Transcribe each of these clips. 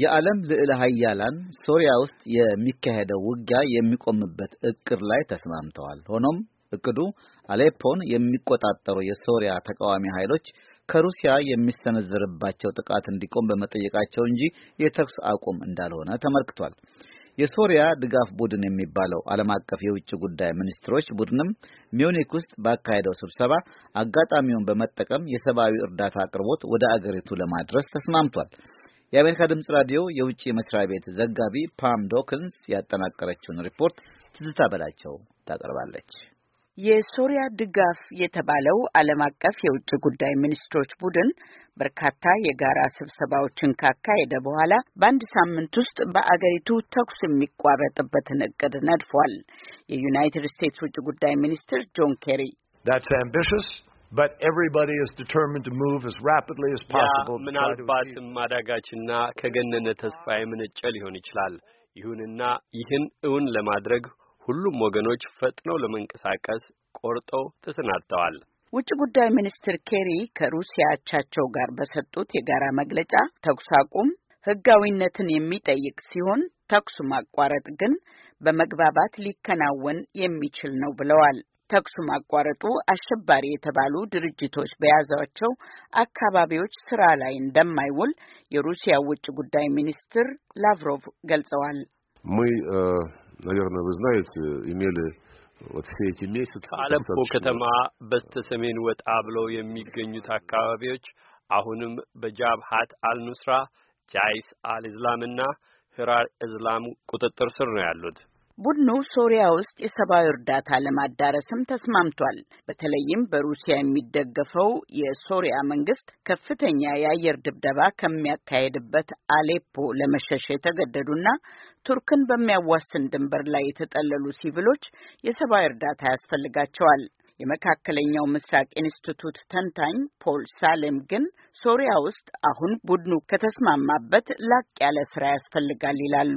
የዓለም ልዕለ ሀያላን ሶሪያ ውስጥ የሚካሄደው ውጊያ የሚቆምበት እቅድ ላይ ተስማምተዋል። ሆኖም እቅዱ አሌፖን የሚቆጣጠሩ የሶሪያ ተቃዋሚ ኃይሎች ከሩሲያ የሚሰነዘርባቸው ጥቃት እንዲቆም በመጠየቃቸው እንጂ የተኩስ አቁም እንዳልሆነ ተመልክቷል። የሶሪያ ድጋፍ ቡድን የሚባለው ዓለም አቀፍ የውጭ ጉዳይ ሚኒስትሮች ቡድንም ሚውኒክ ውስጥ ባካሄደው ስብሰባ አጋጣሚውን በመጠቀም የሰብአዊ እርዳታ አቅርቦት ወደ አገሪቱ ለማድረስ ተስማምቷል። የአሜሪካ ድምፅ ራዲዮ የውጭ መስሪያ ቤት ዘጋቢ ፓም ዶክንስ ያጠናቀረችውን ሪፖርት ትዝታ በላቸው ታቀርባለች። የሶሪያ ድጋፍ የተባለው ዓለም አቀፍ የውጭ ጉዳይ ሚኒስትሮች ቡድን በርካታ የጋራ ስብሰባዎችን ካካሄደ በኋላ በአንድ ሳምንት ውስጥ በአገሪቱ ተኩስ የሚቋረጥበትን እቅድ ነድፏል። የዩናይትድ ስቴትስ ውጭ ጉዳይ ሚኒስትር ጆን ኬሪ but everybody is determined to move as rapidly as possible. ምናልባትም ማዳጋችና ከገነነ ተስፋ የመነጨ ሊሆን ይችላል። ይሁንና ይህን እውን ለማድረግ ሁሉም ወገኖች ፈጥነው ለመንቀሳቀስ ቆርጠው ተሰናድተዋል። ውጭ ጉዳይ ሚኒስትር ኬሪ ከሩሲያ አቻቸው ጋር በሰጡት የጋራ መግለጫ ተኩስ አቁም ሕጋዊነትን የሚጠይቅ ሲሆን ተኩስ ማቋረጥ ግን በመግባባት ሊከናወን የሚችል ነው ብለዋል። ተክሱ ማቋረጡ አሸባሪ የተባሉ ድርጅቶች በያዟቸው አካባቢዎች ስራ ላይ እንደማይውል የሩሲያ ውጭ ጉዳይ ሚኒስትር ላቭሮቭ ገልጸዋል። eh, አለፖ ከተማ በስተሰሜን ወጣ ብለው የሚገኙት አካባቢዎች አሁንም በጃብሃት አልኑስራ ጃይስ አልእዝላምና ህራር እዝላም ቁጥጥር ስር ነው ያሉት። ቡድኑ ሶሪያ ውስጥ የሰብአዊ እርዳታ ለማዳረስም ተስማምቷል። በተለይም በሩሲያ የሚደገፈው የሶሪያ መንግስት ከፍተኛ የአየር ድብደባ ከሚያካሄድበት አሌፖ ለመሸሽ የተገደዱና ቱርክን በሚያዋስን ድንበር ላይ የተጠለሉ ሲቪሎች የሰብአዊ እርዳታ ያስፈልጋቸዋል። የመካከለኛው ምስራቅ ኢንስቲቱት ተንታኝ ፖል ሳሌም ግን ሶሪያ ውስጥ አሁን ቡድኑ ከተስማማበት ላቅ ያለ ስራ ያስፈልጋል ይላሉ።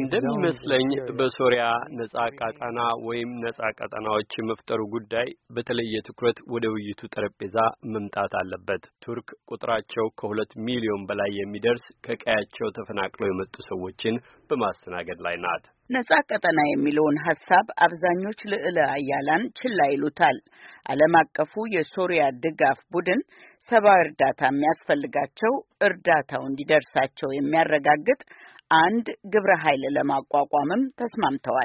እንደሚመስለኝ በሶሪያ ነጻ ቀጠና ወይም ነጻ ቀጠናዎች የመፍጠሩ ጉዳይ በተለየ ትኩረት ወደ ውይይቱ ጠረጴዛ መምጣት አለበት። ቱርክ ቁጥራቸው ከሁለት ሚሊዮን በላይ የሚደርስ ከቀያቸው ተፈናቅለው የመጡ ሰዎችን በማስተናገድ ላይ ናት። ነጻ ቀጠና የሚለውን ሀሳብ አብዛኞች ልዕለ አያላን ችላ ይሉታል። ዓለም አቀፉ የሶሪያ ድጋፍ ቡድን ሰብአዊ እርዳታ የሚያስፈልጋቸው እርዳታው እንዲደርሳቸው የሚያረጋግጥ አንድ ግብረ ኃይል ለማቋቋምም ተስማምተዋል።